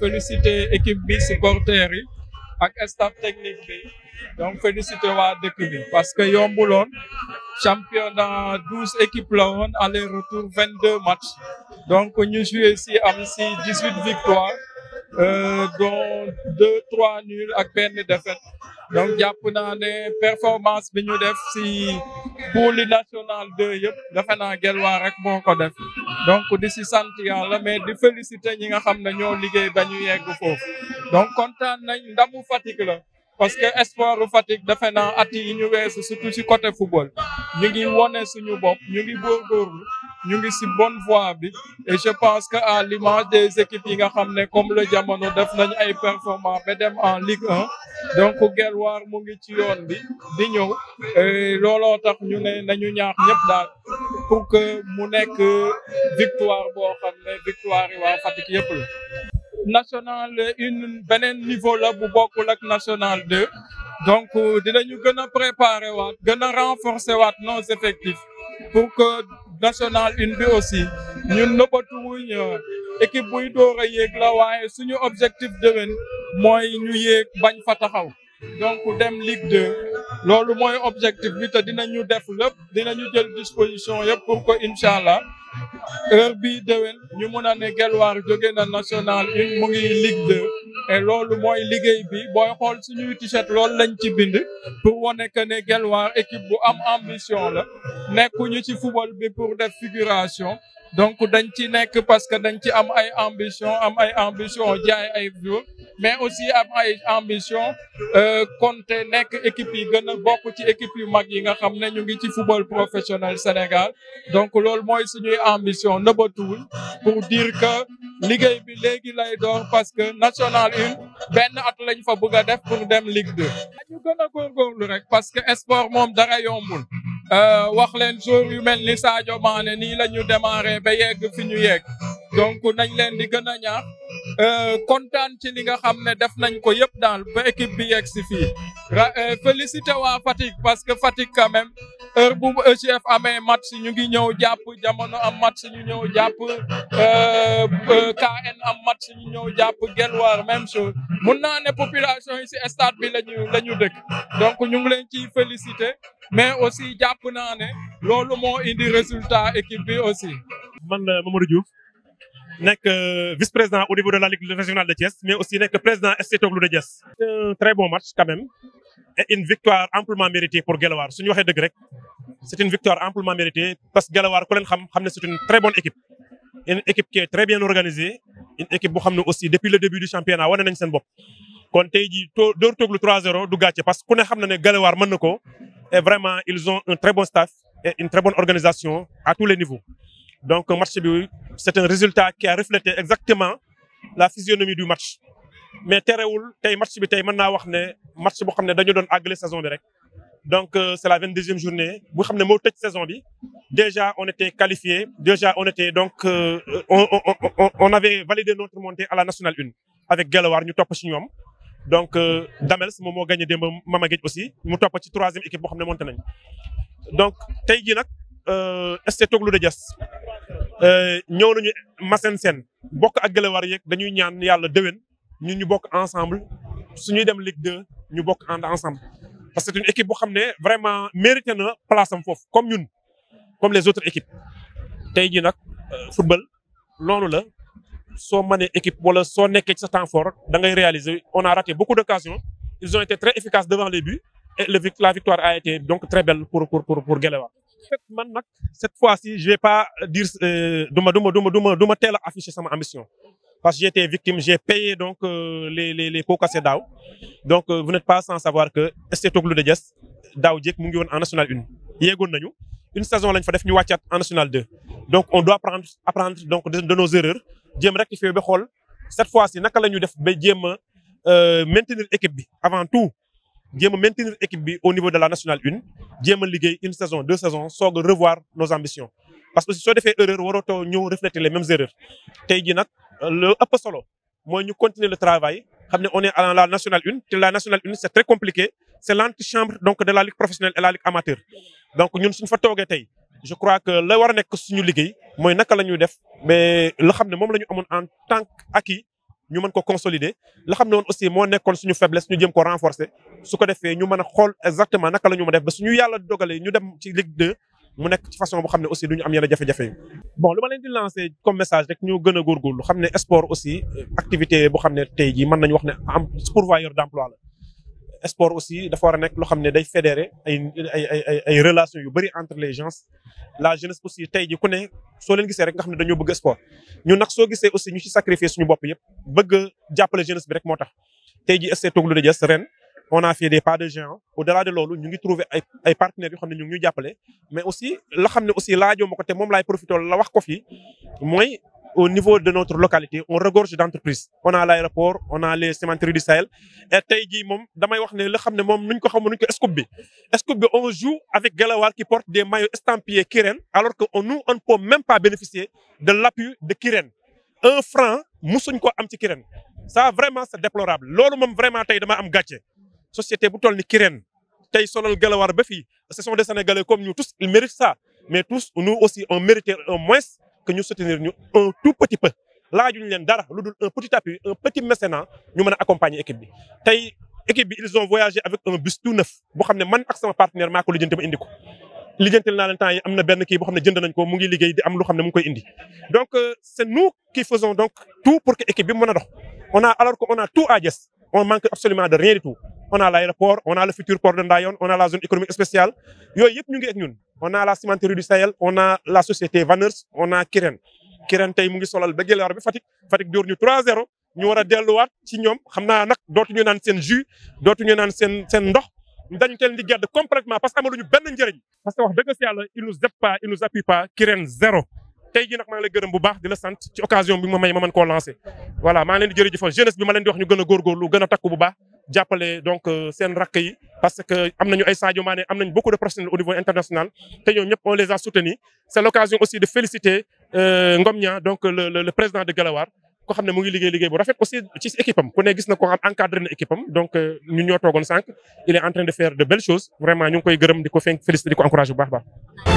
féliciter équipe bi supporters yi ak staff technique donc féliciter waa dëkk parce que yombuloon championnat douze équipes la woon aller retour vingt deux matchs donc ñu joué si am si dix huit victoires Euh, dont deux trois nuls ak benn défaite donc jàpp naa ne performance bi ñu def si poule nationale 2 yëpp defe naa Guelwaar rek moo ko def donc di si sant yàlla mais di féliciter ñi nga xam ne ñoo liggéey ba ñu yegg foofu donc kontaan nañ ndamu Fatick la parce que espoir u Fatick defe naa at yi ñu weesu surtout ci côté football ñu ngi wone suñu bopp ñu ngi góorgóorlu ñu ngi si bonne voie bi et je pense que à l'image des équipes yi nga xam ne comme le jamono def nañu ay performance ba dem en Ligue 1 donc Guelwaar mu ngi ci yoon bi di ñëw looloo tax ñu ne nañu ñaax ñëpp daal pour que mu nekk victoire boo xam ne victoire yi waa Fatick yëpp la national une beneen niveau la bu bokkul ak national 2 donc dinañu gën a préparer waat gën a renforcer waat no effectifs pour que national une bi aussi ñun nëbbatuwuñ équipe buy door a yéeg la waaye suñu objectif déwén mooy ñu yéeg bañ fa taxaw donc dem Ligue 2 loolu mooy objectif bi te ñu def lépp dinañu jël disposition yëpp pour que incha allah heure bi déwén ñu mun a ne Guelwaar jóge na nationale une mu ngi Ligue 2 et loolu mooy liggéey bi booy xool suñuy t-shirt loolu lañ ci bind pour wane que ne Guelwaar équipe bu am ambition la nekkuñu ci football bi pour def figuration donc dañ ci nekk parce que dañ ci am ay ambition am ay ambition jaay ay jour mais aussi am ay ambition euh, Conte nekk équipe yi gën a bokk ci équipe yu mag yi nga xam ne ñu ngi ci football professionnel Sénégal donc loolu mooy suñuy ambition nëbbatuwul pour dire que liggéey bi léegi lay door parce que national une benn at lañ fa bëgg def pour dem Ligue 2. ñu gën a rek parce que sport moom dara yombul euh, wax leen jour yu mel ni Sadio Mané nii la ñu démarré ba yegg fi ñu yegg donc nañ leen di gën a ñaax. Euh, kontaan ci li nga xam ne def nañ ko yëpp daal ba équipe bi yegg si fii euh, félicité waa Fatick parce que Fatick quand même heure bu EGF amee match ñu ngi ñëw jàpp jamono am match ñu ñëw jàpp euh, KN am match ñu ñëw jàpp Gelwaar même chose mun naa ne population yi si stade bi lañu la ñu dëkk donc ñu ngi leen ciy félicité mais aussi jàpp naa ne loolu moo indi résultat équipe bi aussi man Mamadou Diouf nekk euh, vice président au niveau de la ligue régionale de Thiès mais aussi nekk président FC Toglou de Thiès. très bon match quand et une victoire amplement méritée pour Guelwaar su ñu waxee dëgg rek c'est une victoire amplement méritée parce que Guelwaar ku leen xam xam ne c'est une très bonne équipe. une équipe qui est très bien organisée une équipe boo xam ne aussi depuis le début du championnat wane nañ seen bopp. kon tey jii too door Toglou 3 du donc match bi c'est un résultat qui a reflété exactement la physionomie du match mais terewul tey match bi tey man naa wax ne match boo xam ne dañu doon àggale saison bi rek donc euh, c'est la vingt deuxième journée boo xam ne moo tëj saison bi déjà on était qualifié déjà on était donc euh, on on on avait validé notre montée à la nationale une avec Guelwaar ñu topp ci ñoom donc euh, Damels moom moo gagné démb Mama Gueye aussi mu toppa ci troisième équipe boo xam ne monte nañ donc ST Toglou de Diass ñëw nañu Massène Sène bokk ak Guelwaar yeeg dañuy ñaan yàlla déwén ñu ñu bokk ensemble suñuy dem Ligue 2 ñu bokk ànd ensemble. parce que c'est une équipe boo xam ne vraiment mérité na place am foofu comme ñun comme les autres équipes tey jii nag euh, football loolu la soo mënee équipe wala soo nekkee ci sa temps fort da ngay réaliser on a raté beaucoup d'occasions ils ont été très efficaces devant les buts la victoire a été donc très belle pour pour pour pour man nag cette fois-ci je vais pas dire euh, duma duma duma duma duma teel a afficher sama ambition parce que j'ai été victime j'ai payé donc euh, les les les pots cassés daaw donc euh, vous n'êtes pas sans savoir que ST Toglou de Diass daaw jéeg mu ngi woon en national une yeggoon nañu une saison lañ fa def ñu wàccaat en national deux donc on doit prendre apprendre donc de, de nos erreurs jéem rectifier ba xool cette fois-ci naka la ñu def ba jéem a euh, maintenir équipe bi avant tout jéem a maintenir équipe bi au niveau de la nationale une jéem a liggéey une saison deux saisons soog a revoir nos ambitions. parce que soo defee erreur warootoo ñëw refléter les mêmes erreurs tey jii nag ëpp solo mooy ñu continuer le travail xam ne on est à la nationale une te la nationale une c' est très compliqué c' est l'antichambre donc de la ligue professionnelle et la ligue amateur. donc ñun suñu fa toogee tey je crois que la war a nekk suñu liggéey mooy nak la ñuy def mais loo xam ne moom la ñu amoon en tant que acquis ñu mën ko consolider la xam ne woon aussi moo nekkoon suñu faiblesse suñu jëm ko renforcer su ko defee ñu mën xool exactement naka la ñu ma def ba suñu yàlla dogalee ñu dem ci Ligue 2 mu nekk ci façon boo xam ne aussi du ñu am yenn jafe-jafe yi. bon lu ma leen di lancer comme message rek ñu gën a góorgóorlu xam ne sport aussi activité boo xam ne tey jii mën nañu wax ne am pourvoyeur d'emploi la. sport aussi dafa war nekk loo xam ne day fédérer ay ay relations yu bëri entre les gens la jeunesse aussi tey ji ku ne soo leen gisee rek nga xam ne dañoo bëgg sport ñun nag soo gisee aussi ñu ci sacrifier suñu bopp yëpp bëgg a jàppale jeunesse bi rek moo tax tey ji SC Toglu Dadiès ren on a fait des pas de géant au-delà de loolu ñu ngi trouver ay ay partenaires yoo xam ne ñu jàppale mais aussi la xam ne aussi laajoo ma ko te moom laay profité la wax ko fii mooy au niveau de notre localité on regorge d'entreprises on a l'aéroport on a les cimenteries du Sahel et tey jii moom damay wax ne la xam ne moom nuñ ko xam nuñ ko scoop bi scoop bi on joue avec Gelawar qui porte des maillots estampillés Kirène alors que on nous on ne peut même pas bénéficier de l'appui de Kirène un franc musuñ ko am ci Kirène sa vraiment c'est déplorable loolu moom vraiment tey dama am gàcce société bu toll ni Kirène tey solal Gelawar ba fii ce sont des comme nous tous ils méritent ça mais tous nous que ñu soutenir ñu un tout petit peu laajuñ leen dara lu dul un petit appui un petit mécénat ñu mën a accompagner équipe bi. tey équipe bi ils ont voyagé avec un bus tout neuf boo xam ne man ak sama partenaire maa ko lijjanti ma indi ko. lijjantil naa leen temps yi am na benn kii boo xam ne jënd nañ ko mu ngi liggéey di am lu xam ne mu ngi koy indi donc euh, c'est nous qui faisons donc tout pour que équipe bi mën a dox on a alors que on a tout à on manque absolument de rien du tout. on a l'aéroport on a futur port de Ndayone on a la zone économique spéciale yooyu yëpp ñu ngi ñun on a la cimenterie du Sahel on a la société Vanners on a Kirène tey mu ngi solal ba Guelwaar bi Fatick Fatick dóor ñu 3 ñu war a delluwaat ci ñoom xam naa nag dootuñu naan seen jus dootuñu naan seen seen ndox dañu leen di gedd complètement parce que amaluñu benn njëriñ parce wax dëgg si yàlla il nous aide pas il zéro tey jii nag maa ngi lay bu baax di a a jàppale donc euh, seen rakk yi parce que am nañu ay Sadio Mané am nañu beaucoup de professionnels au niveau international te ñoom ñëpp on les a soutenus c' est l' occasion aussi de féliciter euh, Ngom Niang le président de Galawar ko xam ne mu ngi liggéey liggéey bu rafet aussi ci équipe am ku ne gis na ko xam encadré na équipe am donc euh, ñun ñoo toogoon sànq il est en train de faire de belles choses vraiment ñu koy gërëm di ko féliciter di ko encouragé bu